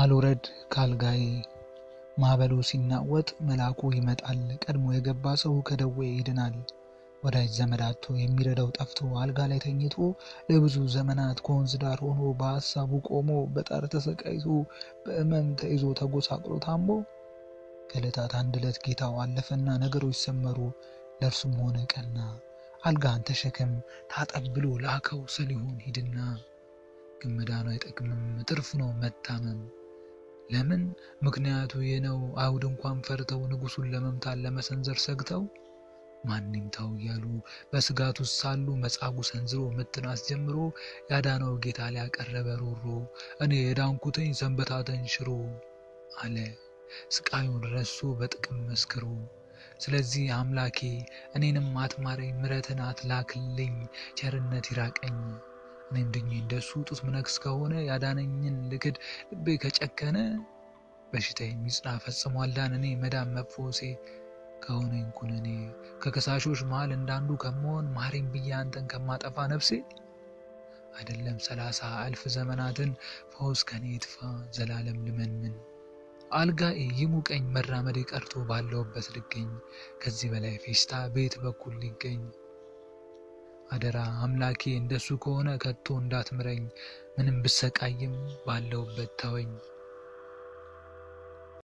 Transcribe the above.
አልውረድ ካልጋዬ ማዕበሉ ሲናወጥ መልአኩ ይመጣል። ቀድሞ የገባ ሰው ከደዌ ይድናል። ወዳጅ ዘመድ የሚረዳው ጠፍቶ አልጋ ላይ ተኝቶ ለብዙ ዘመናት ከወንዝ ዳር ሆኖ በሀሳቡ ቆሞ በጣር ተሰቃይቶ በእመም ተይዞ ተጎሳቅሎ ታሞ ከዕለታት አንድ ዕለት ጌታው አለፈና ነገሮች ሰመሩ፣ ለእርሱም ሆነ ቀና። አልጋን ተሸክም ታጠብ ብሎ ላከው ሰሊሆን ሂድና፣ ግን አይጠቅምም ትርፉ ነው መታመም። ለምን? ምክንያቱ የነው አይሁድ እንኳን ፈርተው ንጉሱን ለመምታት ለመሰንዘር ሰግተው ማንም ተው እያሉ በስጋት ውስጥ ሳሉ መጻጉዕ ሰንዝሮ ምትን አስጀምሮ ያዳነው ጌታ ሊያቀረበ ያቀረበ ሮሮ እኔ የዳንኩትኝ ሰንበታተኝ ሽሮ አለ። ስቃዩን ረሶ በጥቅም መስክሮ ስለዚህ አምላኬ እኔንም አትማረኝ፣ ምረትን አትላክልኝ፣ ቸርነት ይራቀኝ። እኔ ድኜ እንደሱ ጡት ምነክስ ከሆነ ያዳነኝን ልክድ ልቤ ከጨከነ በሽታ የሚጽና ፈጽሞ አልዳን እኔ መዳን መፎሴ ከሆነ እንኩን እኔ ከከሳሾች መሃል እንዳንዱ ከመሆን ማሬን ብዬ አንተን ከማጠፋ ነፍሴ አይደለም ሰላሳ አልፍ ዘመናትን ፈውስ ከኔ ይጥፋ ዘላለም ልመንምን አልጋዬ ይሙቀኝ መራመዴ ቀርቶ ባለውበት ልገኝ ከዚህ በላይ ፌስታ ቤት በኩል ሊገኝ አደራ አምላኬ እንደሱ ከሆነ ከቶ እንዳትምረኝ፣ ምንም ብሰቃይም ባለውበት ተወኝ።